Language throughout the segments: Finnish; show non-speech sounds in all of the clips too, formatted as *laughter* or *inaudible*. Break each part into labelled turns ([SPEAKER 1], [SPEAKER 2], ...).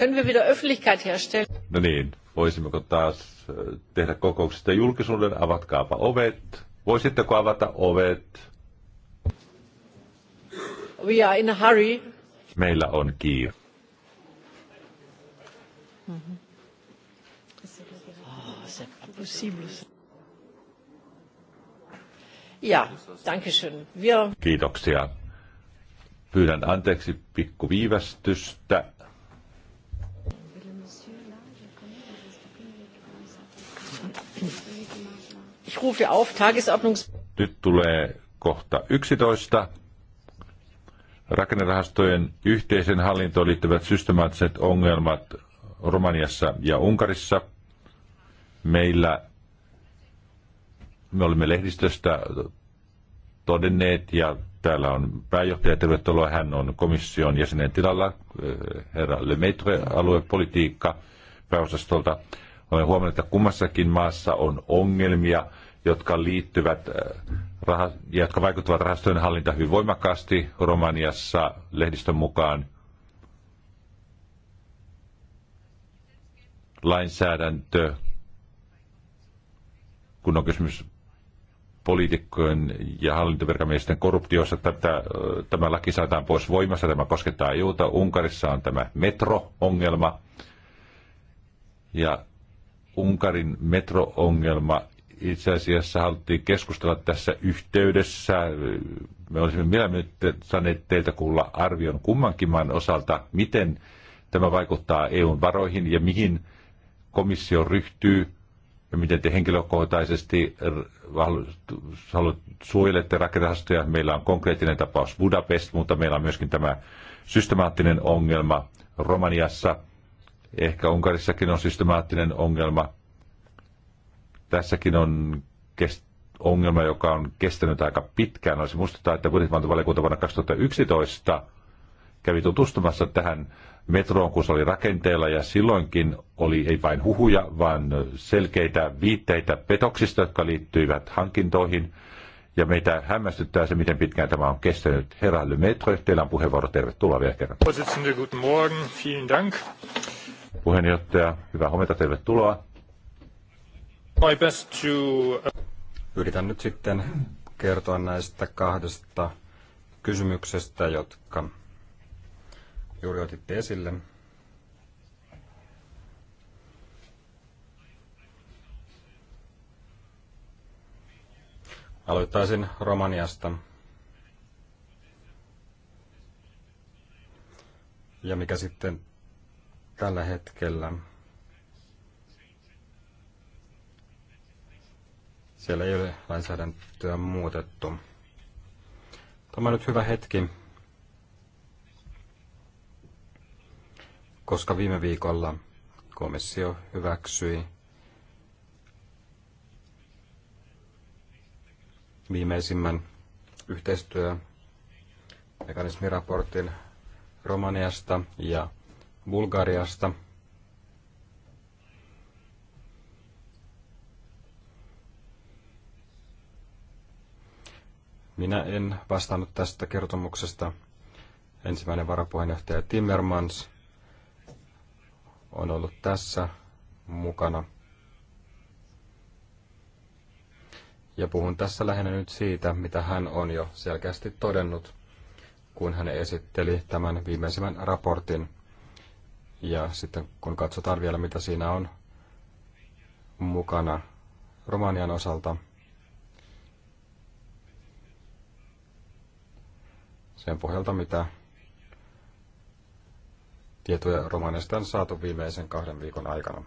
[SPEAKER 1] Können wir wieder Öffentlichkeit herstellen?
[SPEAKER 2] No niin, voisimmeko taas äh, tehdä kokouksesta julkisuuden? Avatkaapa ovet. Voisitteko avata ovet?
[SPEAKER 1] We are in a hurry.
[SPEAKER 2] Meillä on kiire.
[SPEAKER 1] Oh, ja, danke schön. Wir...
[SPEAKER 2] Kiitoksia. Pyydän anteeksi pikkuviivästystä.
[SPEAKER 1] Ich rufe auf Tagesordnungs...
[SPEAKER 2] Nyt tulee kohta 11. Rakennerahastojen yhteisen hallintoon liittyvät systemaattiset ongelmat Romaniassa ja Unkarissa. Meillä me olemme lehdistöstä todenneet ja täällä on pääjohtaja, tervetuloa, hän on komission jäsenen tilalla, eh, herra Maitre, aluepolitiikka pääosastolta. Olen huomannut, että kummassakin maassa on ongelmia jotka liittyvät äh, jotka vaikuttavat rahastojen hallinta hyvin voimakkaasti Romaniassa lehdistön mukaan. Lainsäädäntö, kun on kysymys poliitikkojen ja hallintovirkamiesten korruptiossa, tätä, äh, tämä laki saadaan pois voimassa, tämä koskettaa EUta. Unkarissa on tämä metro-ongelma. Ja Unkarin metroongelma itse asiassa haluttiin keskustella tässä yhteydessä. Me olisimme mielellämme saaneet teiltä kuulla arvion kummankin maan osalta, miten tämä vaikuttaa EUn varoihin ja mihin komissio ryhtyy ja miten te henkilökohtaisesti suojelette rakennerahastoja. Meillä on konkreettinen tapaus Budapest, mutta meillä on myöskin tämä systemaattinen ongelma Romaniassa. Ehkä Unkarissakin on systemaattinen ongelma. Tässäkin on ongelma, joka on kestänyt aika pitkään. Olisi muistuttaa, että budjettivaltuvaliokunta vuonna 2011 kävi tutustumassa tähän metroon, kun se oli rakenteella, ja silloinkin oli ei vain huhuja, vaan selkeitä viitteitä petoksista, jotka liittyivät hankintoihin. Ja meitä hämmästyttää se, miten pitkään tämä on kestänyt. Herra Le teillä on puheenvuoro. Tervetuloa vielä kerran. guten Morgen. Vielen Dank. Puheenjohtaja, hyvää huomenta, tervetuloa. My best
[SPEAKER 3] to... Uh, Yritän nyt sitten kertoa näistä kahdesta kysymyksestä, jotka juuri otitte esille. Aloittaisin Romaniasta. Ja mikä sitten tällä hetkellä Siellä ei ole lainsäädäntöä muutettu. Tämä on nyt hyvä hetki, koska viime viikolla komissio hyväksyi viimeisimmän yhteistyömekanismiraportin Romaniasta ja Bulgariasta – Minä en vastannut tästä kertomuksesta. Ensimmäinen varapuheenjohtaja Timmermans on ollut tässä mukana. Ja puhun tässä lähinnä nyt siitä, mitä hän on jo selkeästi todennut, kun hän esitteli tämän viimeisimmän raportin. Ja sitten kun katsotaan vielä, mitä siinä on mukana Romanian osalta – sen pohjalta, mitä tietoja romaneista on saatu viimeisen kahden viikon aikana.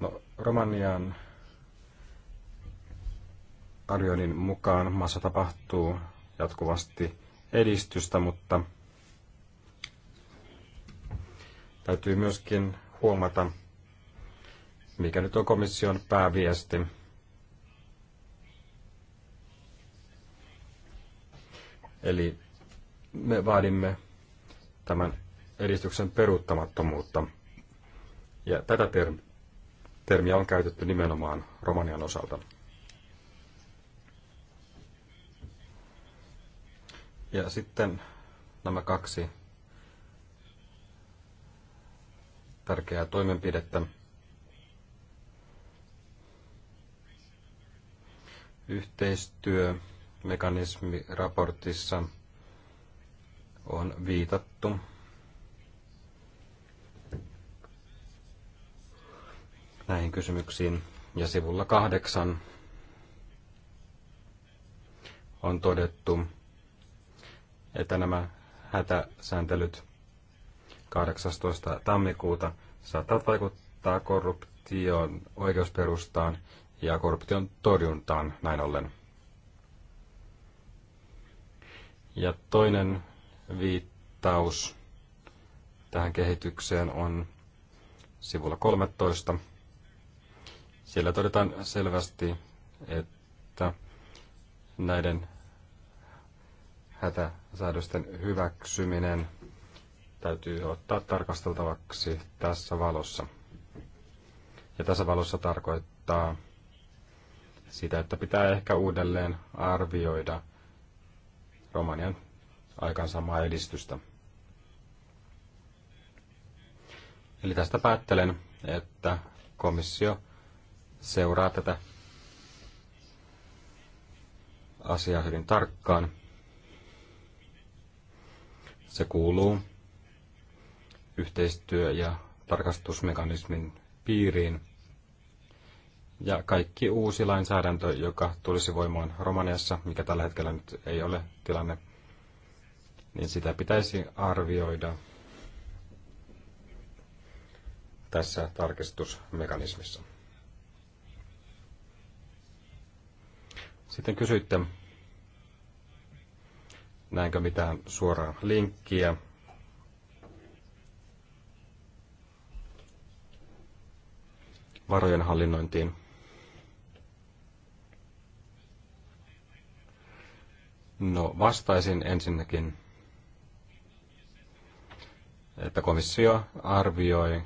[SPEAKER 3] No, Romanian arvioinnin mukaan maassa tapahtuu jatkuvasti edistystä, mutta täytyy myöskin huomata, mikä nyt on komission pääviesti. Eli me vaadimme tämän edistyksen peruuttamattomuutta. Ja tätä termiä on käytetty nimenomaan Romanian osalta. Ja sitten nämä kaksi tärkeää toimenpidettä. yhteistyömekanismiraportissa on viitattu. näihin kysymyksiin. Ja sivulla kahdeksan on todettu, että nämä hätäsääntelyt 18. tammikuuta saattavat vaikuttaa korruptioon, oikeusperustaan ja korruption torjuntaan näin ollen. Ja toinen viittaus tähän kehitykseen on sivulla 13. Siellä todetaan selvästi, että näiden hätäsäädösten hyväksyminen täytyy ottaa tarkasteltavaksi tässä valossa. Ja tässä valossa tarkoittaa sitä, että pitää ehkä uudelleen arvioida Romanian aikansamaa edistystä. Eli tästä päättelen, että komissio seuraa tätä asiaa hyvin tarkkaan. Se kuuluu yhteistyö- ja tarkastusmekanismin piiriin – ja kaikki uusi lainsäädäntö, joka tulisi voimaan Romaniassa, mikä tällä hetkellä nyt ei ole tilanne, niin sitä pitäisi arvioida tässä tarkistusmekanismissa. Sitten kysyitte, näinkö mitään suoraa linkkiä. varojen hallinnointiin. No vastaisin ensinnäkin, että komissio arvioi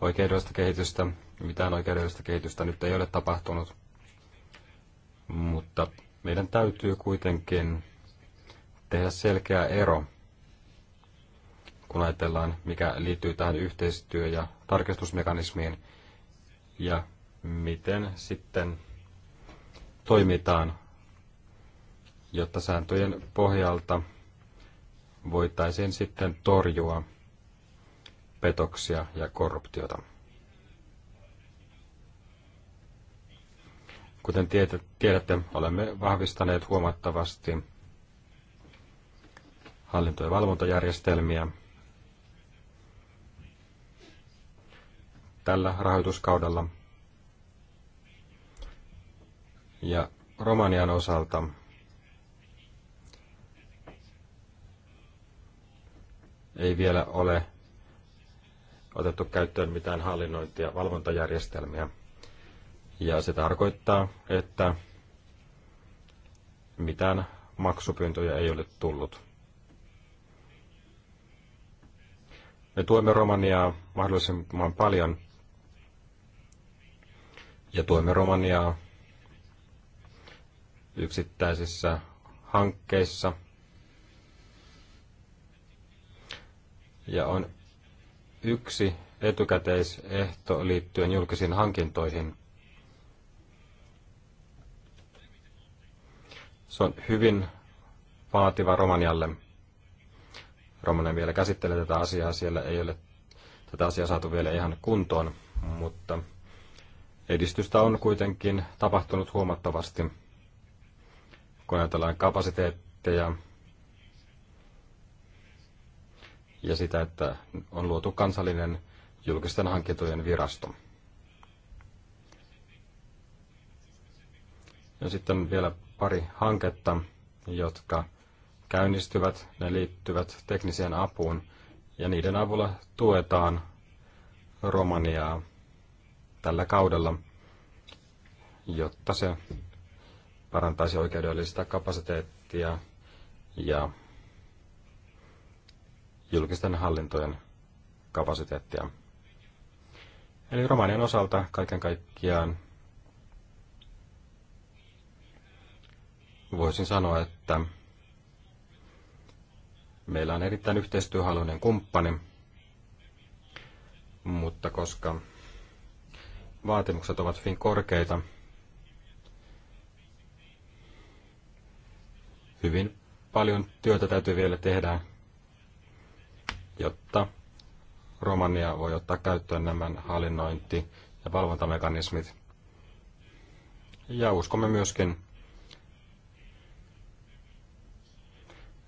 [SPEAKER 3] oikeudellista kehitystä. Mitään oikeudellista kehitystä nyt ei ole tapahtunut, mutta meidän täytyy kuitenkin tehdä selkeä ero, kun ajatellaan, mikä liittyy tähän yhteistyö- ja tarkistusmekanismiin ja miten sitten toimitaan jotta sääntöjen pohjalta voitaisiin sitten torjua petoksia ja korruptiota. Kuten tiedätte, olemme vahvistaneet huomattavasti hallinto- ja valvontajärjestelmiä. tällä rahoituskaudella. Ja Romanian osalta ei vielä ole otettu käyttöön mitään hallinnointia ja valvontajärjestelmiä. Ja se tarkoittaa, että mitään maksupyyntöjä ei ole tullut. Me tuemme Romaniaa mahdollisimman paljon ja tuemme Romaniaa yksittäisissä hankkeissa – Ja on yksi etukäteisehto liittyen julkisiin hankintoihin. Se on hyvin vaativa Romanialle. Romania vielä käsittelee tätä asiaa, siellä ei ole tätä asiaa saatu vielä ihan kuntoon, mutta edistystä on kuitenkin tapahtunut huomattavasti, kun ajatellaan kapasiteetteja ja sitä, että on luotu kansallinen julkisten hankintojen virasto. Ja sitten vielä pari hanketta, jotka käynnistyvät, ne liittyvät tekniseen apuun ja niiden avulla tuetaan Romaniaa tällä kaudella, jotta se parantaisi oikeudellista kapasiteettia ja julkisten hallintojen kapasiteettia. Eli Romanian osalta kaiken kaikkiaan voisin sanoa, että meillä on erittäin yhteistyöhaluinen kumppani, mutta koska vaatimukset ovat hyvin korkeita, hyvin paljon työtä täytyy vielä tehdä jotta Romania voi ottaa käyttöön nämä hallinnointi- ja valvontamekanismit. Ja uskomme myöskin,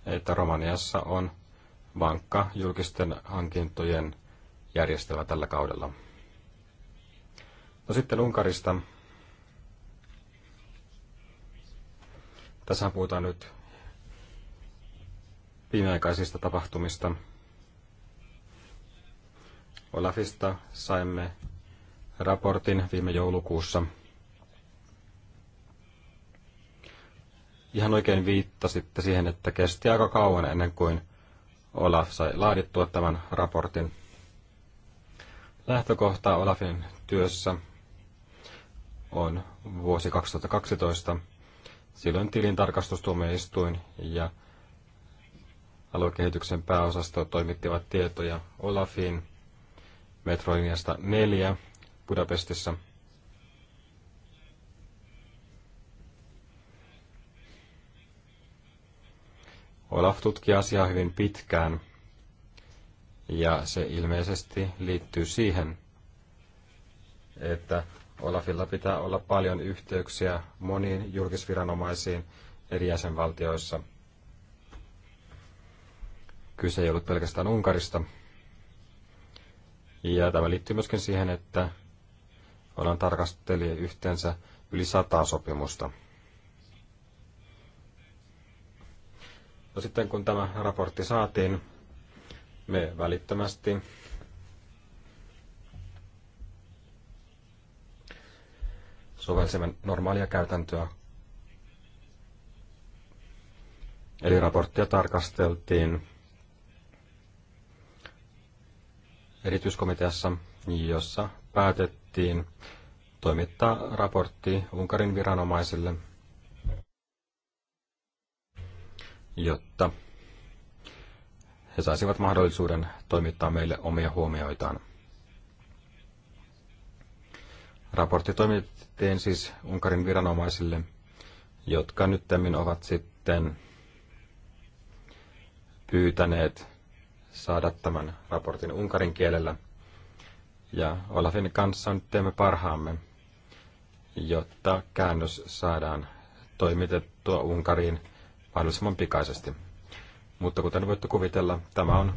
[SPEAKER 3] että Romaniassa on vankka julkisten hankintojen järjestelmä tällä kaudella. No sitten Unkarista. Tässä puhutaan nyt viimeaikaisista tapahtumista. Olafista saimme raportin viime joulukuussa. Ihan oikein viittasitte siihen, että kesti aika kauan ennen kuin Olaf sai laadittua tämän raportin. Lähtökohta Olafin työssä on vuosi 2012. Silloin tilintarkastustuomioistuin ja aluekehityksen pääosasto toimittivat tietoja Olafiin metrolinjasta 4 Budapestissa. Olaf tutki asiaa hyvin pitkään, ja se ilmeisesti liittyy siihen, että Olafilla pitää olla paljon yhteyksiä moniin julkisviranomaisiin eri jäsenvaltioissa. Kyse ei ollut pelkästään Unkarista, ja tämä liittyy myöskin siihen, että ollaan tarkasteli yhteensä yli sataa sopimusta. No sitten kun tämä raportti saatiin, me välittömästi sovelsimme normaalia käytäntöä. Eli raporttia tarkasteltiin erityiskomiteassa, jossa päätettiin toimittaa raportti Unkarin viranomaisille, jotta he saisivat mahdollisuuden toimittaa meille omia huomioitaan. Raportti toimitettiin siis Unkarin viranomaisille, jotka nyttemmin ovat sitten pyytäneet saada tämän raportin unkarin kielellä. Ja Olafin kanssa nyt teemme parhaamme, jotta käännös saadaan toimitettua Unkariin mahdollisimman pikaisesti. Mutta kuten voitte kuvitella, tämä on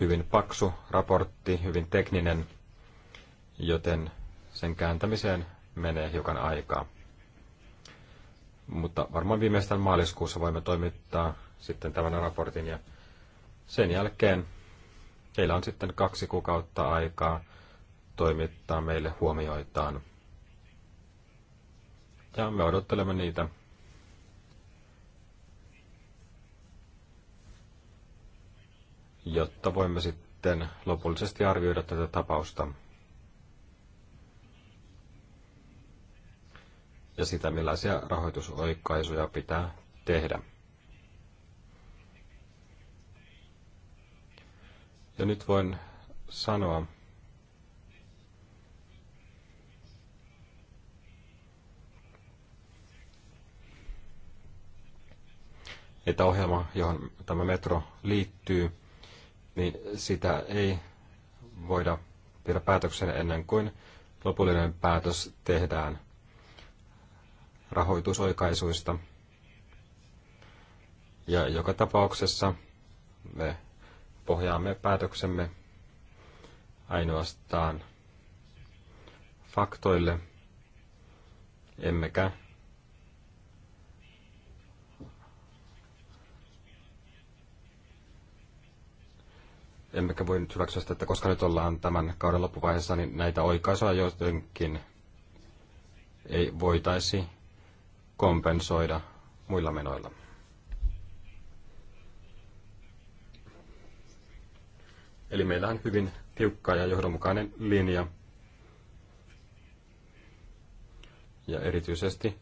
[SPEAKER 3] hyvin paksu raportti, hyvin tekninen, joten sen kääntämiseen menee hiukan aikaa. Mutta varmaan viimeistään maaliskuussa voimme toimittaa sitten tämän raportin ja sen jälkeen teillä on sitten kaksi kuukautta aikaa toimittaa meille huomioitaan. Ja me odottelemme niitä. jotta voimme sitten lopullisesti arvioida tätä tapausta ja sitä, millaisia rahoitusoikaisuja pitää tehdä. Ja nyt voin sanoa, että ohjelma, johon tämä metro liittyy, niin sitä ei voida tehdä päätöksen ennen kuin lopullinen päätös tehdään rahoitusoikaisuista. Ja joka tapauksessa me pohjaamme päätöksemme ainoastaan faktoille, emmekä emmekä voi nyt hyväksyä sitä, että koska nyt ollaan tämän kauden loppuvaiheessa, niin näitä oikaisuja jotenkin ei voitaisi kompensoida muilla menoilla. Eli meillä on hyvin tiukka ja johdonmukainen linja. Ja erityisesti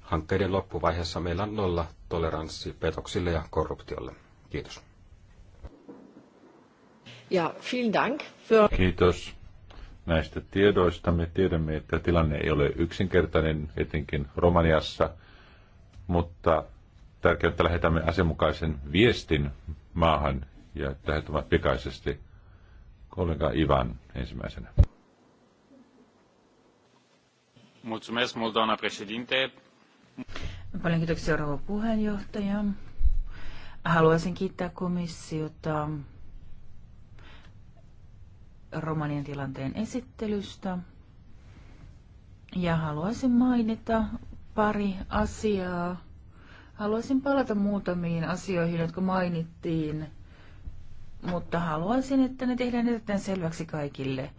[SPEAKER 3] hankkeiden loppuvaiheessa meillä on nolla toleranssi petoksille
[SPEAKER 2] ja korruptiolle. Kiitos.
[SPEAKER 1] Ja vielen dank
[SPEAKER 2] für... Kiitos näistä tiedoista. Me tiedämme, että tilanne ei ole yksinkertainen, etenkin Romaniassa, mutta tärkeää, että lähetämme asianmukaisen viestin maahan ja että he pikaisesti. Kollega Ivan ensimmäisenä.
[SPEAKER 3] Mulțumesc mult, doamna președinte.
[SPEAKER 1] Paljon kiitoksia, rouva puheenjohtaja. Haluaisin kiittää komissiota Romanian tilanteen esittelystä. Ja haluaisin mainita pari asiaa Haluaisin palata muutamiin asioihin, jotka mainittiin, mutta haluaisin, että ne tehdään erittäin selväksi kaikille.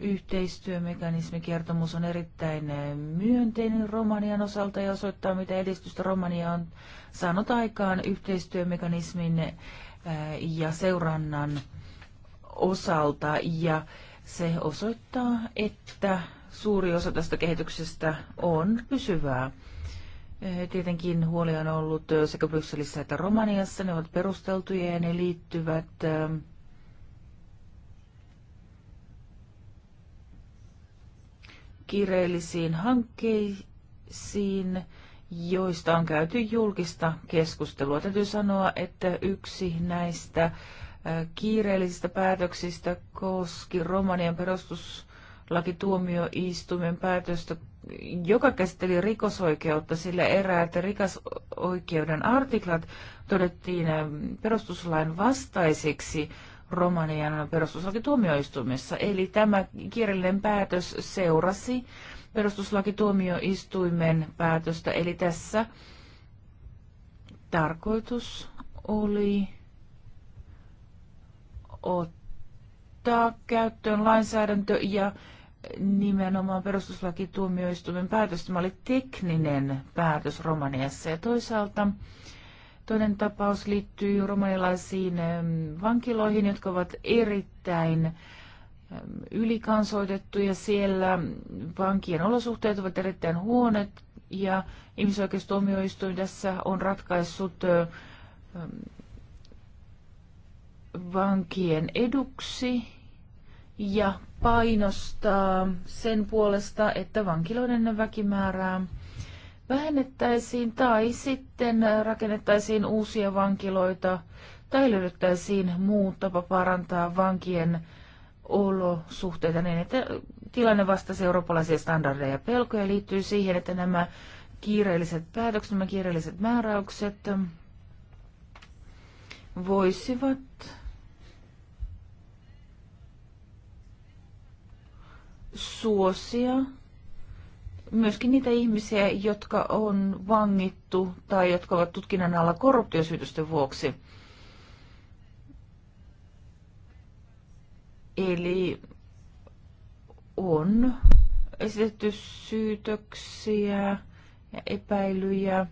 [SPEAKER 1] Yhteistyömekanismikertomus on erittäin myönteinen Romanian osalta ja osoittaa, mitä edistystä Romania on saanut aikaan yhteistyömekanismin äh, ja seurannan osalta. Ja se osoittaa, että suuri osa tästä kehityksestä on pysyvää. Eh, tietenkin huoli on ollut eh, sekä Brysselissä että Romaniassa. Ne ovat perusteltuja ja ne liittyvät eh, kiireellisiin hankkeisiin, joista on käyty julkista keskustelua. Täytyy sanoa, että yksi näistä kiireellisistä päätöksistä koski Romanian perustus lakituomioistuimen päätöstä, joka käsitteli rikosoikeutta, sillä eräät rikasoikeuden artiklat todettiin ähm, perustuslain vastaisiksi Romanian perustuslakituomioistuimessa. Eli tämä kirjallinen päätös seurasi perustuslakituomioistuimen päätöstä, eli tässä tarkoitus oli ottaa käyttöön lainsäädäntö ja nimenomaan perustuslakituomioistuimen päätös. Tämä oli tekninen päätös Romaniassa ja toisaalta toinen tapaus liittyy romanilaisiin ähm, vankiloihin, jotka ovat erittäin ähm, ylikansoitettuja siellä. Vankien olosuhteet ovat erittäin huonot ja ihmisoikeustuomioistuin tässä on ratkaissut äh, ähm, vankien eduksi ja painostaa sen puolesta, että vankiloiden väkimäärää vähennettäisiin tai sitten rakennettaisiin uusia vankiloita tai löydettäisiin muu tapa parantaa vankien olosuhteita niin, että tilanne vastasi eurooppalaisia standardeja. Pelkoja liittyy siihen, että nämä kiireelliset päätökset, nämä kiireelliset määräykset voisivat suosia myöskin niitä ihmisiä, jotka on vangittu tai jotka ovat tutkinnan alla korruptiosyytysten vuoksi. Eli on esitetty syytöksiä ja epäilyjä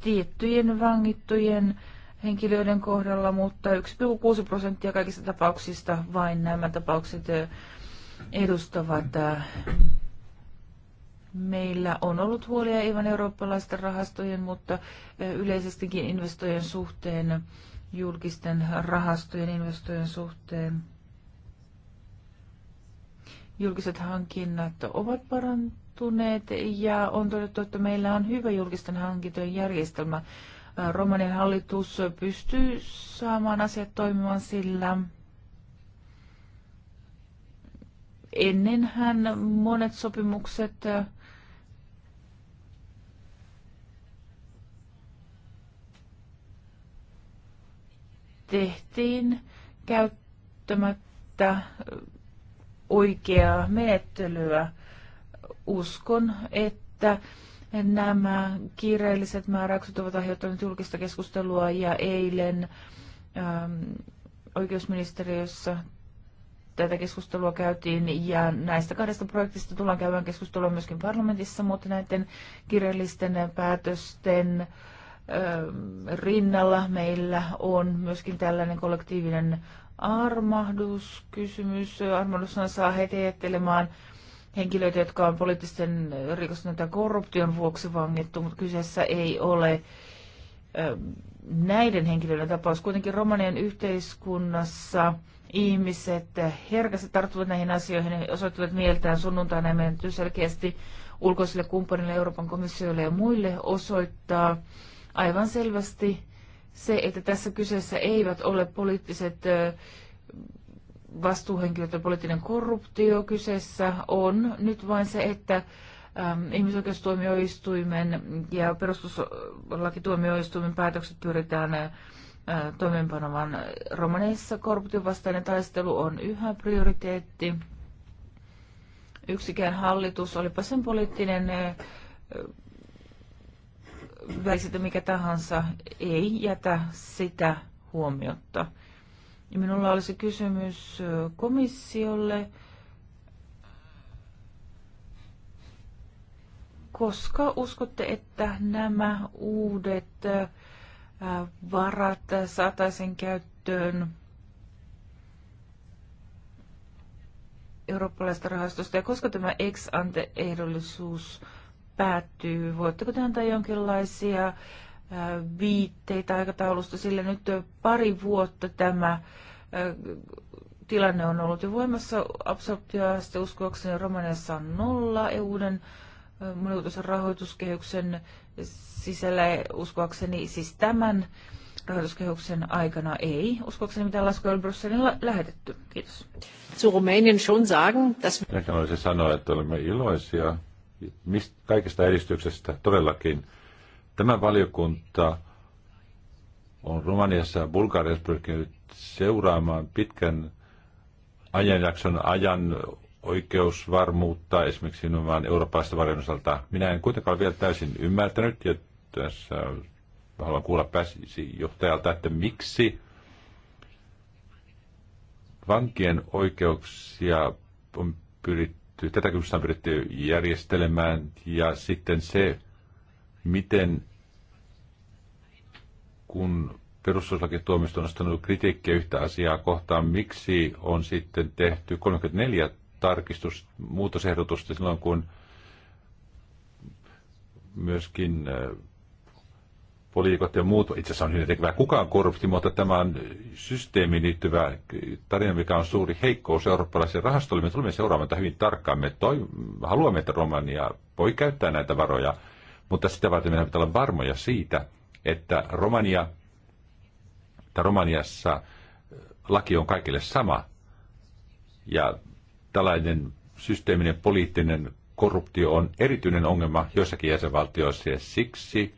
[SPEAKER 1] tiettyjen vangittujen henkilöiden kohdalla, mutta 1,6 prosenttia kaikista tapauksista vain nämä tapaukset eh, edustavat. Eh, meillä on ollut huolia ihan eurooppalaisten rahastojen, mutta eh, yleisestikin investojen suhteen, julkisten rahastojen investojen suhteen. Julkiset hankinnat ovat parantuneet ja on todettu, että meillä on hyvä julkisten hankintojen järjestelmä Romanin hallitus pystyy saamaan asiat toimimaan sillä. Ennenhän monet sopimukset tehtiin käyttämättä oikeaa menettelyä. Uskon, että Nämä kiireelliset määräykset ovat aiheuttaneet julkista keskustelua ja eilen äm, oikeusministeriössä tätä keskustelua käytiin ja näistä kahdesta projektista tullaan käymään keskustelua myöskin parlamentissa, mutta näiden kirjallisten päätösten ähm, rinnalla meillä on myöskin tällainen kollektiivinen armahduskysymys. Armahdus saa heti ajattelemaan henkilöitä, jotka on poliittisten rikosten tai korruption vuoksi vangittu, mutta kyseessä ei ole näiden henkilöiden tapaus. Kuitenkin romanien yhteiskunnassa ihmiset herkästi tarttuvat näihin asioihin ja osoittavat mieltään sunnuntaina ja menetty selkeästi ulkoisille kumppanille, Euroopan komissioille ja muille osoittaa aivan selvästi se, että tässä kyseessä eivät ole poliittiset vastuuhenkilöt poliittinen korruptio kyseessä on nyt vain se, että ihmisoikeustuomioistuimen ja perustuslakituomioistuimen päätökset pyritään toimeenpanovan Romaneissa korruption taistelu on yhä prioriteetti. Yksikään hallitus, olipa sen poliittinen väisitä mikä tahansa, ei jätä sitä huomiota. Minulla olisi kysymys komissiolle. Koska uskotte, että nämä uudet varat saataisiin käyttöön eurooppalaista rahastosta ja koska tämä ex-ante-ehdollisuus päättyy? Voitteko te antaa jonkinlaisia viitteitä aikataulusta, sillä nyt pari vuotta tämä tilanne on ollut jo voimassa. Absorptioaste uskoakseni Romaniassa on nolla EUn monivuotoisen rahoituskehyksen sisällä uskoakseni siis tämän rahoituskehyksen aikana ei. Uskoakseni mitään laskuja Brysselin la- lähetetty. Kiitos. Zu Rumänien schon sagen, dass...
[SPEAKER 2] Minäkin olisin sanoa, että olemme iloisia mistä, kaikesta edistyksestä todellakin. Tämä valiokunta on Romaniassa ja Bulgariassa pyrkinyt seuraamaan pitkän ajanjakson ajan oikeusvarmuutta, esimerkiksi nimenomaan eurooppalaista varjon osalta. Minä en kuitenkaan ole vielä täysin ymmärtänyt, ja tässä haluan kuulla johtajalta, että miksi vankien oikeuksia on pyritty, tätä kysymystä on pyritty järjestelemään, ja sitten se, miten kun perustuslakituomioistuin on nostanut kritiikkiä yhtä asiaa kohtaan, miksi on sitten tehty 34 tarkistus, muutosehdotusta silloin, kun myöskin äh, poliikot ja muut, itse asiassa on hyvin tekevää kukaan korrupti, mutta tämä on systeemiin liittyvä tarina, mikä on suuri heikkous eurooppalaisen rahastolle. Me tulemme seuraamaan tätä hyvin tarkkaan. Me toi, haluamme, että Romania voi käyttää näitä varoja – mutta sitä varten meidän pitää olla varmoja siitä, että Romania, että Romaniassa laki on kaikille sama. Ja tällainen systeeminen poliittinen korruptio on erityinen ongelma joissakin jäsenvaltioissa ja siksi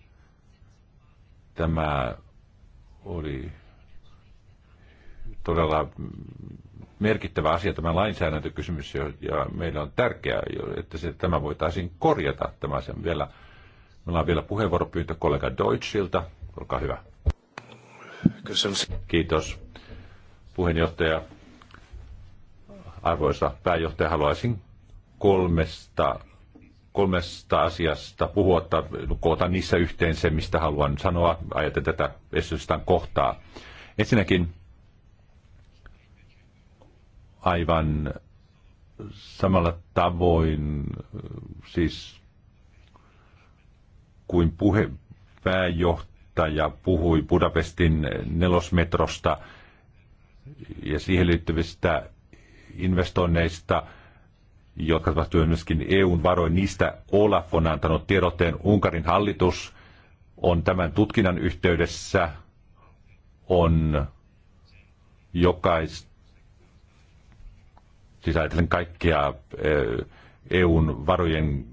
[SPEAKER 2] tämä oli todella merkittävä asia tämä lainsäädäntökysymys ja meillä on tärkeää, että se, tämä voitaisiin korjata tämä sen vielä Meillä on vielä puheenvuoropyyntö kollega Deutschilta. Olkaa hyvä. Kiitos. Puheenjohtaja, arvoisa pääjohtaja, haluaisin kolmesta, kolmesta asiasta puhua, tai koota niissä yhteen se, mistä haluan sanoa, ajatellen tätä esitystään kohtaa. Ensinnäkin aivan samalla tavoin, siis kuin puhe, pääjohtaja puhui Budapestin nelosmetrosta ja siihen liittyvistä investoinneista, jotka ovat myöskin EUn varoin. Niistä Olaf on antanut tiedotteen. Unkarin hallitus on tämän tutkinnan yhteydessä on jokais, siis ajatellen kaikkia EUn varojen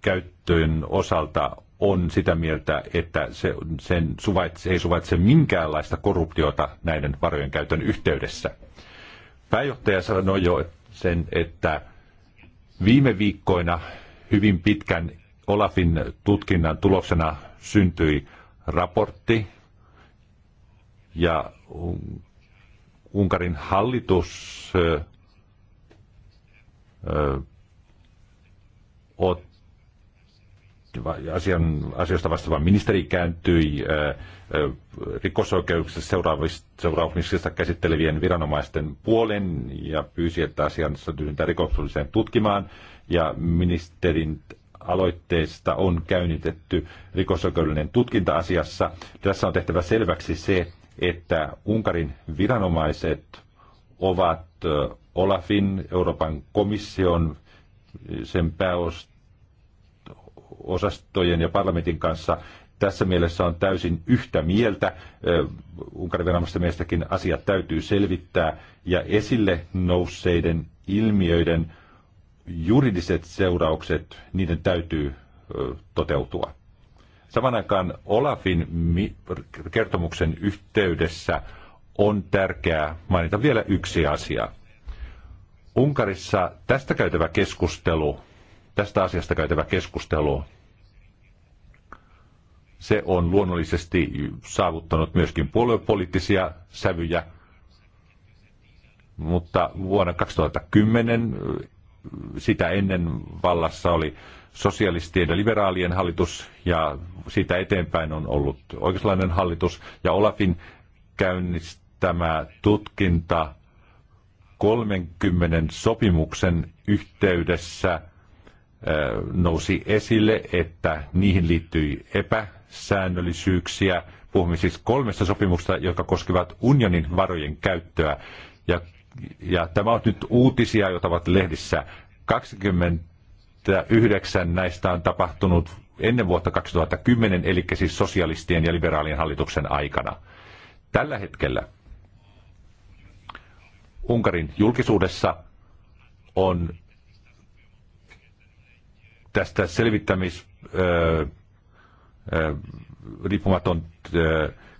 [SPEAKER 2] käyttöä väestön osalta on sitä mieltä, että se, sen suvaitse, ei suvaitse minkäänlaista korruptiota näiden varojen käytön yhteydessä. Pääjohtaja sanoi jo sen, että viime viikkoina hyvin pitkän Olafin tutkinnan tuloksena syntyi raportti ja Unkarin hallitus ö, ö, ot, asian, asioista vastaava ministeri kääntyi rikosoikeuksista seuraavista käsittelevien viranomaisten puolen ja pyysi, että asian ryhdytään rikokselliseen tutkimaan. Ja ministerin aloitteesta on käynnitetty rikosoikeudellinen tutkinta asiassa. Tässä on tehtävä selväksi se, että Unkarin viranomaiset ovat Olafin, Euroopan komission, sen pääos, osastojen ja parlamentin kanssa tässä mielessä on täysin yhtä mieltä. Unkarin viranomaisten mielestäkin asiat täytyy selvittää ja esille nousseiden ilmiöiden juridiset seuraukset, niiden täytyy toteutua. Saman aikaan Olafin kertomuksen yhteydessä on tärkeää mainita vielä yksi asia. Unkarissa tästä käytävä keskustelu, tästä asiasta käytävä keskustelu se on luonnollisesti saavuttanut myöskin puoluepoliittisia sävyjä, mutta vuonna 2010 sitä ennen vallassa oli sosialistien ja liberaalien hallitus ja siitä eteenpäin on ollut oikeuslainen hallitus ja Olafin käynnistämä tutkinta 30 sopimuksen yhteydessä nousi esille, että niihin liittyi epä säännöllisyyksiä. Puhumme siis kolmesta sopimuksesta, jotka koskevat unionin varojen käyttöä. Ja, ja tämä on nyt uutisia, joita ovat lehdissä. 29 näistä on tapahtunut ennen vuotta 2010, eli siis sosialistien ja liberaalien hallituksen aikana. Tällä hetkellä Unkarin julkisuudessa on tästä selvittämis riippumaton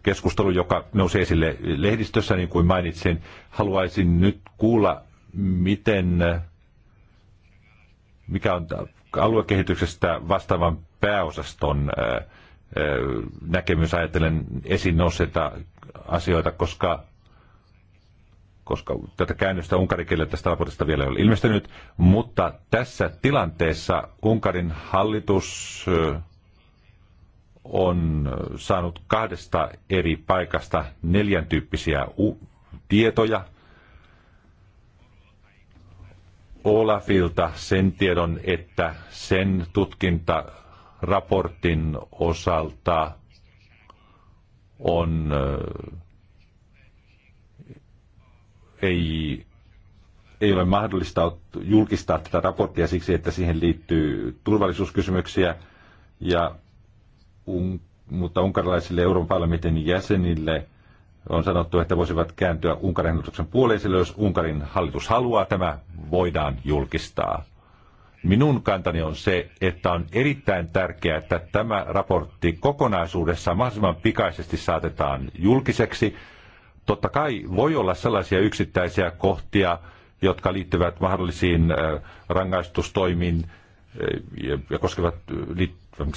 [SPEAKER 2] keskustelu, joka nousi esille lehdistössä, niin kuin mainitsin. Haluaisin nyt kuulla, miten, mikä on aluekehityksestä vastaavan pääosaston näkemys ajatellen esiin nousseita asioita, koska koska tätä käännöstä unkarikielellä tästä raportista vielä ei ole ilmestynyt, mutta tässä tilanteessa Unkarin hallitus on saanut kahdesta eri paikasta neljän tyyppisiä tietoja. Olafilta sen tiedon, että sen tutkintaraportin osalta on äh, ei, ei ole mahdollista julkistaa tätä raporttia siksi, että siihen liittyy turvallisuuskysymyksiä. Ja un, mutta unkarilaisille Euroopan parlamentin jäsenille on sanottu, että voisivat kääntyä Unkarin hallituksen puoleisille, jos Unkarin hallitus haluaa. Tämä voidaan julkistaa. Minun kantani on se, että on erittäin tärkeää, että tämä raportti kokonaisuudessaan mahdollisimman pikaisesti saatetaan julkiseksi. Totta kai voi olla sellaisia yksittäisiä kohtia, jotka liittyvät mahdollisiin äh, rangaistustoimiin äh, ja koskevat äh,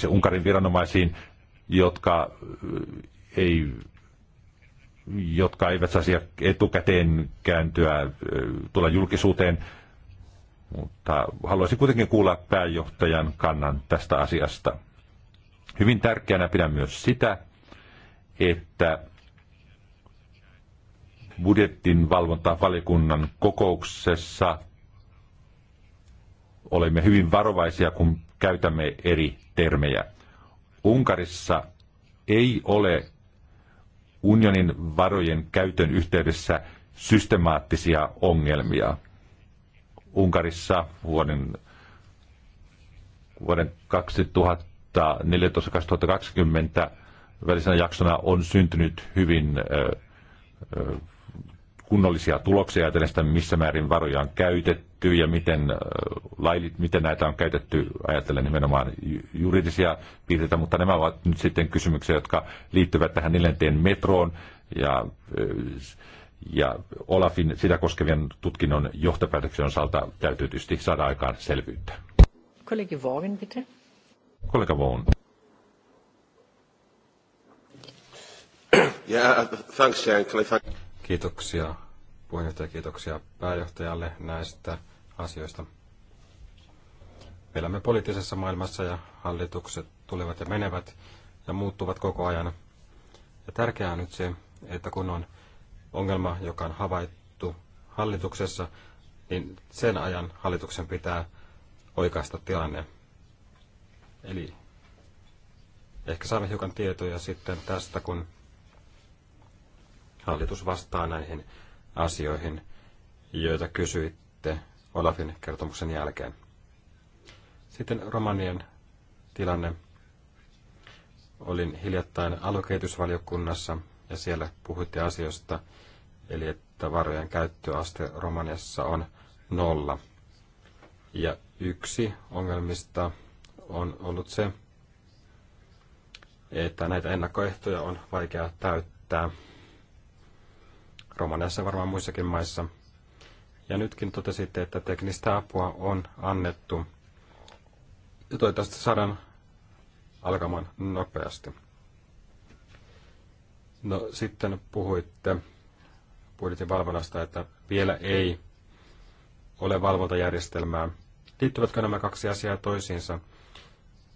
[SPEAKER 2] Unkarin viranomaisiin, jotka ei jotka eivät saisi etukäteen kääntyä, tulla julkisuuteen. Mutta haluaisin kuitenkin kuulla pääjohtajan kannan tästä asiasta. Hyvin tärkeänä pidän myös sitä, että budjetin valvontavaliokunnan kokouksessa – olemme hyvin varovaisia, kun käytämme eri termejä. Unkarissa ei ole unionin varojen käytön yhteydessä systemaattisia ongelmia. Unkarissa vuoden, vuoden 2014-2020 välisenä jaksona on syntynyt hyvin kunnollisia tuloksia ajatellen sitä, missä määrin varoja on käytetty käytetty ja miten, lailit, miten näitä on käytetty, ajatellen nimenomaan juridisia piirteitä, mutta nämä ovat nyt sitten kysymyksiä, jotka liittyvät tähän neljänteen metroon ja, ja Olafin sitä koskevien tutkinnon johtopäätöksen osalta täytyy tietysti saada aikaan selvyyttä.
[SPEAKER 1] Kollega Vaughan, bitte.
[SPEAKER 2] Kollega Vaughan. *coughs*
[SPEAKER 3] Yeah, thanks, Kiitoksia puheenjohtaja, kiitoksia pääjohtajalle näistä asioista. elämme poliittisessa maailmassa ja hallitukset tulevat ja menevät ja muuttuvat koko ajan. Ja tärkeää on nyt se, että kun on ongelma, joka on havaittu hallituksessa, niin sen ajan hallituksen pitää oikaista tilanne. Eli ehkä saamme hiukan tietoja sitten tästä, kun hallitus vastaa näihin asioihin, joita kysyitte Olafin kertomuksen jälkeen. Sitten romanien tilanne. Olin hiljattain alokehitysvaliokunnassa ja siellä puhuttiin asioista, eli että varojen käyttöaste Romaniassa on nolla. Ja yksi ongelmista on ollut se, että näitä ennakkoehtoja on vaikea täyttää. Romaniassa ja varmaan muissakin maissa – ja nytkin totesitte, että teknistä apua on annettu. Ja toivottavasti saadaan alkamaan nopeasti. No sitten puhuitte budjetin valvonnasta, että vielä ei ole valvontajärjestelmää. Liittyvätkö nämä kaksi asiaa toisiinsa?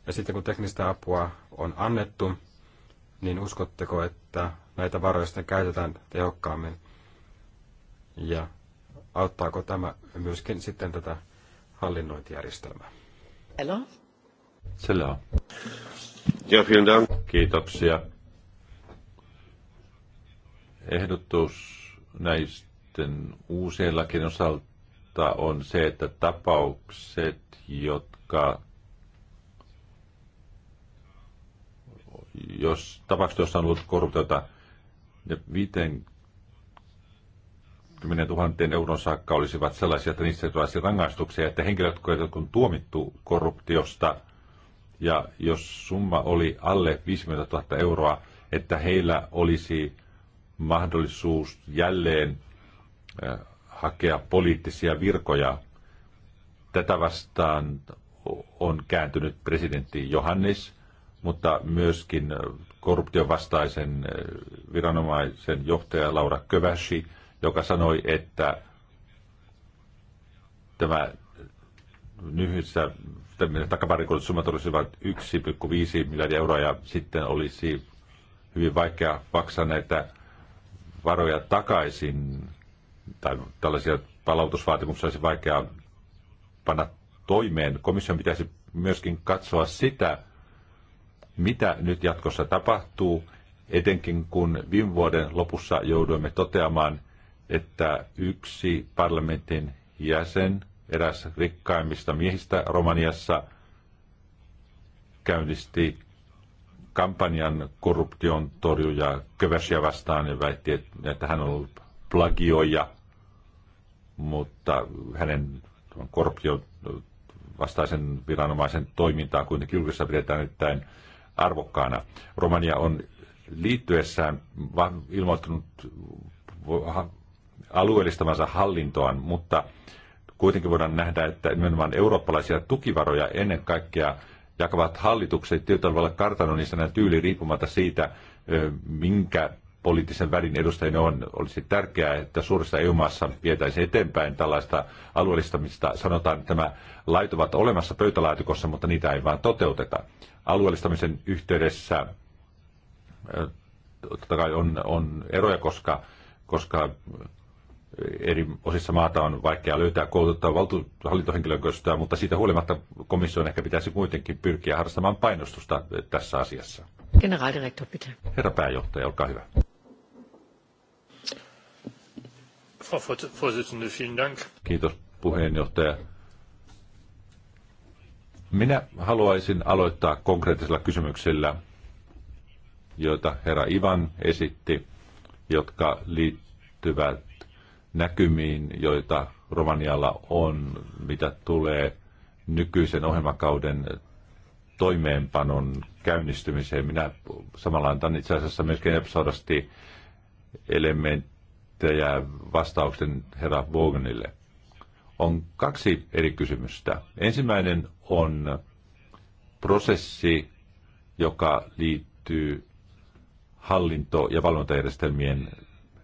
[SPEAKER 3] Ja sitten kun teknistä apua on annettu, niin uskotteko, että näitä varoja sitten käytetään tehokkaammin? Ja auttaako tämä myöskin sitten tätä
[SPEAKER 2] hallinnointijärjestelmää? Hello. Hello. Ja, vielen Kiitoksia. Ehdotus näisten uusien lakien osalta on se, että tapaukset, jotka jos tapaukset, joissa on ollut korruptiota, ne viiten 10 000 euron saakka olisivat sellaisia, että niistä tulisi rangaistuksia, että henkilöt, jotka on tuomittu korruptiosta, ja jos summa oli alle 50 000 euroa, että heillä olisi mahdollisuus jälleen hakea poliittisia virkoja. Tätä vastaan on kääntynyt presidentti Johannes, mutta myöskin korruption vastaisen viranomaisen johtaja Laura Köväsi – joka sanoi, että tämä lyhyissä takavarikoidut summat olisivat 1,5 miljardia euroa ja sitten olisi hyvin vaikea maksaa näitä varoja takaisin tai tällaisia palautusvaatimuksia olisi vaikea panna toimeen. Komission pitäisi myöskin katsoa sitä, mitä nyt jatkossa tapahtuu, etenkin kun viime vuoden lopussa jouduimme toteamaan, että yksi parlamentin jäsen, eräs rikkaimmista miehistä Romaniassa, käynnisti kampanjan korruption torjuja Kövesiä vastaan ja väitti, että hän on ollut plagioija, mutta hänen korruption vastaisen viranomaisen toimintaa kuitenkin julkisessa pidetään erittäin arvokkaana. Romania on liittyessään ilmoittanut alueellistamansa hallintoaan, mutta kuitenkin voidaan nähdä, että nimenomaan eurooppalaisia tukivaroja ennen kaikkea jakavat hallitukset tietyllä tavalla kartanonisena tyyli riippumatta siitä, minkä poliittisen värin edustajina on. Olisi tärkeää, että suuressa EU-maassa vietäisiin eteenpäin tällaista alueellistamista. Sanotaan, että nämä lait ovat olemassa pöytälaatikossa, mutta niitä ei vaan toteuteta. Alueellistamisen yhteydessä totta kai on, on eroja, koska, koska eri osissa maata on vaikea löytää koulutettua hallintohenkilöstöä, mutta siitä huolimatta komission ehkä pitäisi kuitenkin pyrkiä harrastamaan painostusta tässä asiassa. Generaldirektor, bitte. Herra pääjohtaja, olkaa hyvä. Kiitos puheenjohtaja. Minä haluaisin aloittaa konkreettisella kysymyksellä, joita herra Ivan esitti, jotka liittyvät näkymiin, joita Romanialla on, mitä tulee nykyisen ohjelmakauden toimeenpanon käynnistymiseen. Minä samalla antan itse asiassa myöskin episodasti elementtejä vastauksen herra Bogenille. On kaksi eri kysymystä. Ensimmäinen on prosessi, joka liittyy hallinto- ja valvontajärjestelmien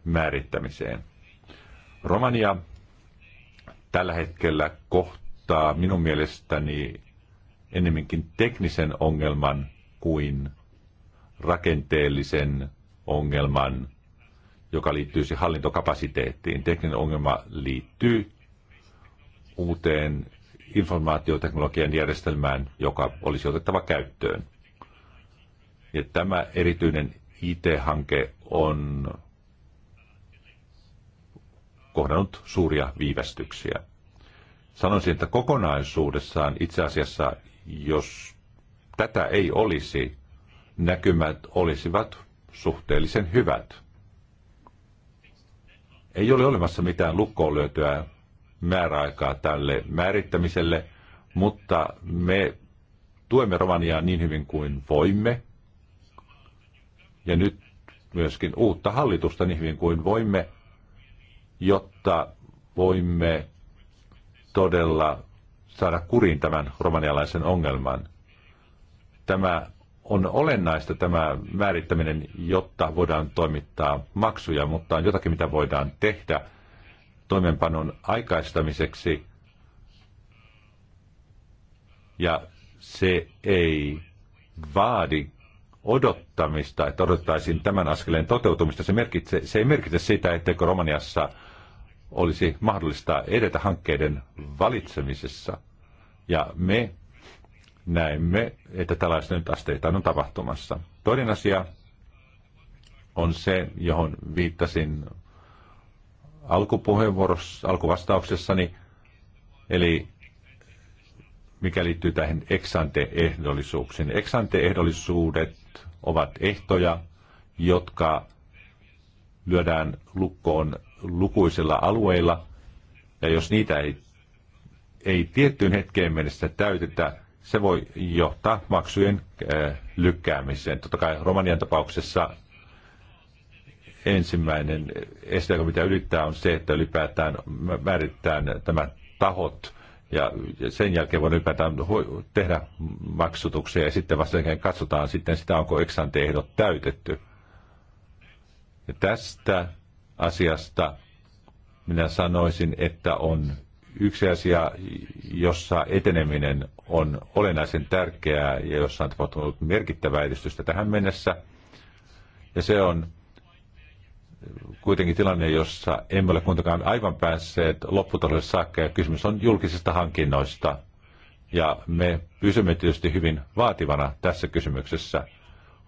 [SPEAKER 2] määrittämiseen. Romania tällä hetkellä kohtaa minun mielestäni enemmänkin teknisen ongelman kuin rakenteellisen ongelman, joka liittyisi hallintokapasiteettiin. Tekninen ongelma liittyy uuteen informaatioteknologian järjestelmään, joka olisi otettava käyttöön. Ja tämä erityinen IT-hanke on kohdannut suuria viivästyksiä. Sanoisin, että kokonaisuudessaan itse asiassa, jos tätä ei olisi, näkymät olisivat suhteellisen hyvät. Ei ole olemassa mitään lukkoon löytyä määräaikaa tälle määrittämiselle, mutta me tuemme Romaniaa niin hyvin kuin voimme. Ja nyt myöskin uutta hallitusta niin hyvin kuin voimme jotta voimme todella saada kuriin tämän romanialaisen ongelman. Tämä on olennaista tämä määrittäminen, jotta voidaan toimittaa maksuja, mutta on jotakin, mitä voidaan tehdä toimenpanon aikaistamiseksi. Ja se ei vaadi odottamista, että odottaisin tämän askeleen toteutumista. Se, merkitse, se ei merkitse sitä, etteikö Romaniassa olisi mahdollista edetä hankkeiden valitsemisessa. Ja me näemme, että tällaista nyt asteittain on tapahtumassa. Toinen asia on se, johon viittasin alkupuheenvuorossa, alkuvastauksessani, eli mikä liittyy tähän eksante-ehdollisuuksiin. Eksante-ehdollisuudet ovat ehtoja, jotka lyödään lukkoon lukuisilla alueilla, ja jos niitä ei, ei tiettyyn hetkeen mennessä täytetä, se voi johtaa maksujen äh, lykkäämiseen. Totta kai Romanian tapauksessa ensimmäinen este, mitä ylittää, on se, että ylipäätään määritetään tämä tahot, ja sen jälkeen voi ylipäätään tehdä maksutuksia, ja sitten vasta katsotaan sitten sitä, onko eksanteehdot täytetty. Ja tästä asiasta minä sanoisin, että on yksi asia, jossa eteneminen on olennaisen tärkeää ja jossa on tapahtunut merkittävää edistystä tähän mennessä. Ja se on kuitenkin tilanne, jossa emme ole kuitenkaan aivan päässeet lopputasolle saakka ja kysymys on julkisista hankinnoista. Ja me pysymme tietysti hyvin vaativana tässä kysymyksessä –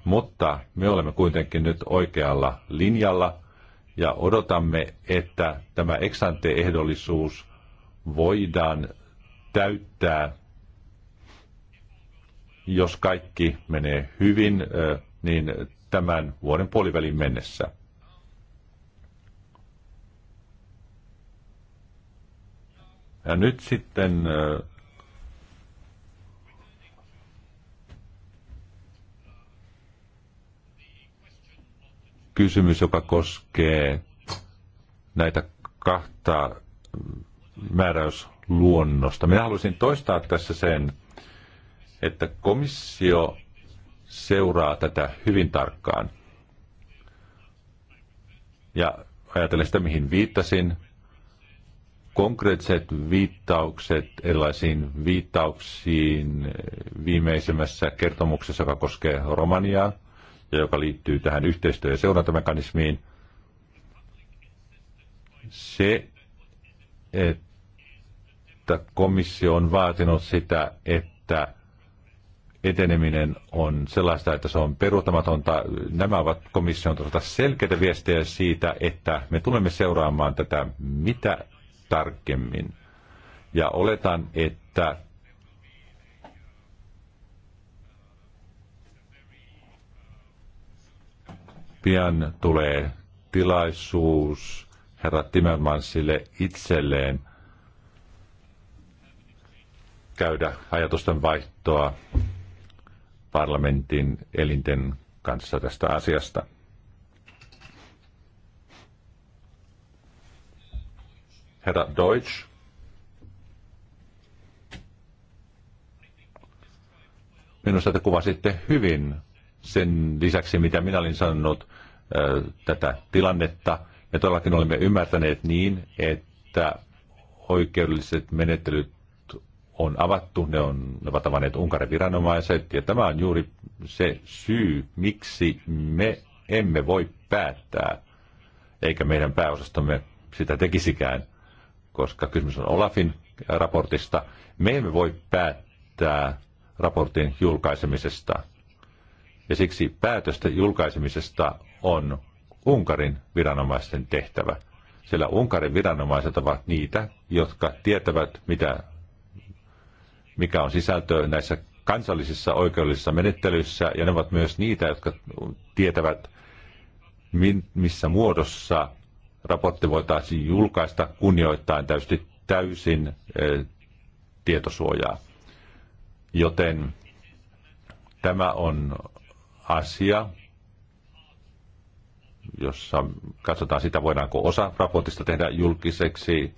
[SPEAKER 2] mutta me olemme kuitenkin nyt oikealla linjalla ja odotamme, että tämä eksanteehdollisuus voidaan täyttää, jos kaikki menee hyvin, niin tämän vuoden puolivälin mennessä. Ja nyt sitten kysymys, joka koskee näitä kahta määräysluonnosta. Minä haluaisin toistaa tässä sen, että komissio seuraa tätä hyvin tarkkaan. Ja ajatellen sitä, mihin viittasin, konkreettiset viittaukset erilaisiin viittauksiin viimeisimmässä kertomuksessa, joka koskee Romaniaa – ja joka liittyy tähän yhteistyö- ja seurantamekanismiin. Se, että komissio on vaatinut sitä, että eteneminen on sellaista, että se on peruuttamatonta. Nämä ovat komission selkeitä viestejä siitä, että me tulemme seuraamaan tätä mitä tarkemmin. Ja oletan, että pian tulee tilaisuus herra Timmermansille itselleen käydä ajatusten vaihtoa parlamentin elinten kanssa tästä asiasta. Herra Deutsch. Minusta te kuvasitte hyvin sen lisäksi, mitä minä olin sanonut tätä tilannetta. Me todellakin olemme ymmärtäneet niin, että oikeudelliset menettelyt on avattu, ne, on, ne ovat avanneet Unkarin viranomaiset, ja tämä on juuri se syy, miksi me emme voi päättää, eikä meidän pääosastomme sitä tekisikään, koska kysymys on Olafin raportista. Me emme voi päättää raportin julkaisemisesta. Ja siksi päätöstä julkaisemisesta on Unkarin viranomaisten tehtävä. Sillä Unkarin viranomaiset ovat niitä, jotka tietävät, mitä, mikä on sisältö näissä kansallisissa oikeudellisissa menettelyissä, ja ne ovat myös niitä, jotka tietävät, missä muodossa raportti voitaisiin julkaista kunnioittain täysin, täysin eh, e, tietosuojaa. Joten tämä on asia, jossa katsotaan sitä, voidaanko osa raportista tehdä julkiseksi.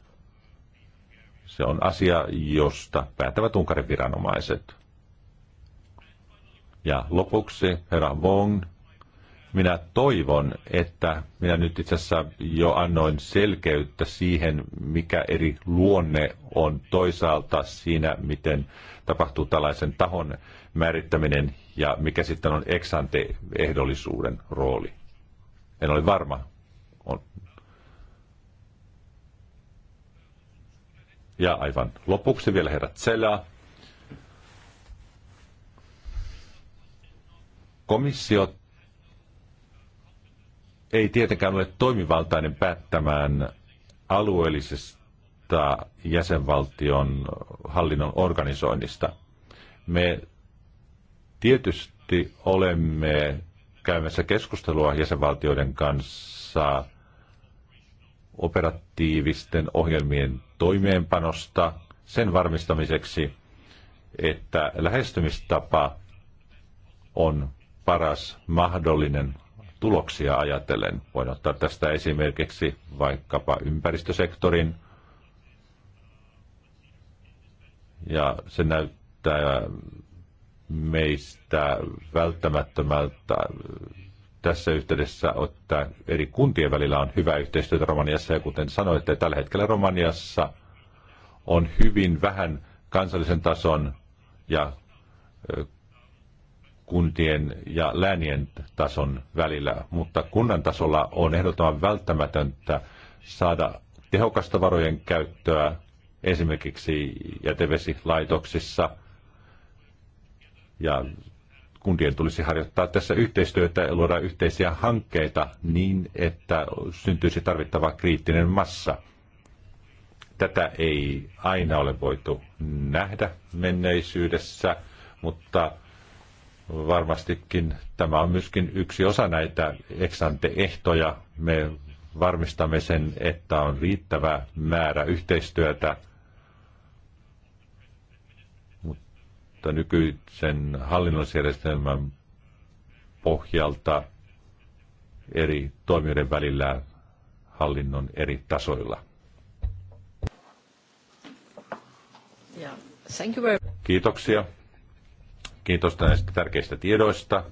[SPEAKER 2] Se on asia, josta päättävät Unkarin viranomaiset. Ja lopuksi herra Wong minä toivon, että minä nyt itse asiassa jo annoin selkeyttä siihen, mikä eri luonne on toisaalta siinä, miten tapahtuu tällaisen tahon määrittäminen ja mikä sitten on eksante-ehdollisuuden rooli. En ole varma. On. Ja aivan lopuksi vielä herra Tsela. Komissio ei tietenkään ole toimivaltainen päättämään alueellisesta jäsenvaltion hallinnon organisoinnista. Me tietysti olemme käymässä keskustelua jäsenvaltioiden kanssa operatiivisten ohjelmien toimeenpanosta sen varmistamiseksi, että lähestymistapa on paras mahdollinen tuloksia ajatellen. Voin ottaa tästä esimerkiksi vaikkapa ympäristösektorin. Ja se näyttää meistä välttämättömältä tässä yhteydessä, että eri kuntien välillä on hyvää yhteistyötä Romaniassa. Ja kuten sanoitte, tällä hetkellä Romaniassa on hyvin vähän kansallisen tason ja kuntien ja läänien tason välillä, mutta kunnan tasolla on ehdottoman välttämätöntä saada tehokasta varojen käyttöä esimerkiksi jätevesilaitoksissa ja kuntien tulisi harjoittaa tässä yhteistyötä ja luoda yhteisiä hankkeita niin, että syntyisi tarvittava kriittinen massa. Tätä ei aina ole voitu nähdä menneisyydessä, mutta varmastikin tämä on myöskin yksi osa näitä eksanteehtoja. ehtoja Me varmistamme sen, että on riittävä määrä yhteistyötä, mutta nykyisen hallinnollisjärjestelmän pohjalta eri toimijoiden välillä hallinnon eri tasoilla. Kiitoksia. Kiitos näistä tärkeistä tiedoista.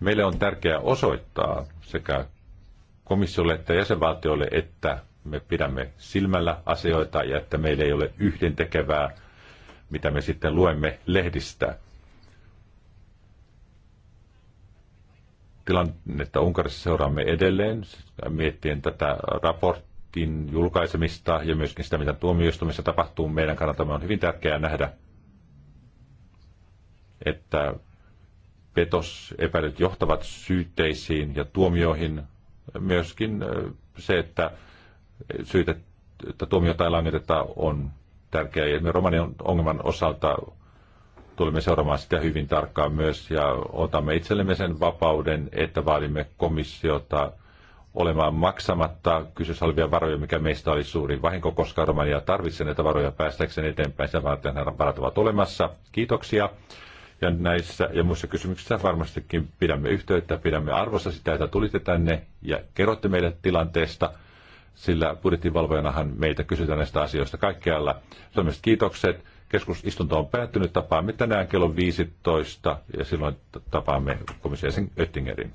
[SPEAKER 2] Meille on tärkeää osoittaa sekä komissiolle että jäsenvaltioille, että me pidämme silmällä asioita ja että meillä ei ole yhdentekevää, mitä me sitten luemme lehdistä. Tilannetta Unkarissa seuraamme edelleen, miettien tätä raportin julkaisemista ja myöskin sitä, mitä tuomioistumissa tapahtuu. Meidän kannalta on hyvin tärkeää nähdä, että petos epäilyt johtavat syytteisiin ja tuomioihin. Myöskin se, että syytet, että tuomiota ei langeteta, on tärkeää. Ja romanian ongelman osalta tulemme seuraamaan sitä hyvin tarkkaan myös ja otamme itsellemme sen vapauden, että vaadimme komissiota olemaan maksamatta kyseessä olevia varoja, mikä meistä oli suurin vahinko, koska Romania tarvitsee näitä varoja päästäkseen eteenpäin. Sen varten varat ovat olemassa. Kiitoksia. Ja näissä ja muissa kysymyksissä varmastikin pidämme yhteyttä, pidämme arvossa sitä, että tulitte tänne ja kerrotte meille tilanteesta, sillä budjettivalvojanahan meitä kysytään näistä asioista kaikkialla. Suomesta kiitokset. Keskusistunto on päättynyt. Tapaamme tänään kello 15 ja silloin tapaamme komissiaisen Oettingerin.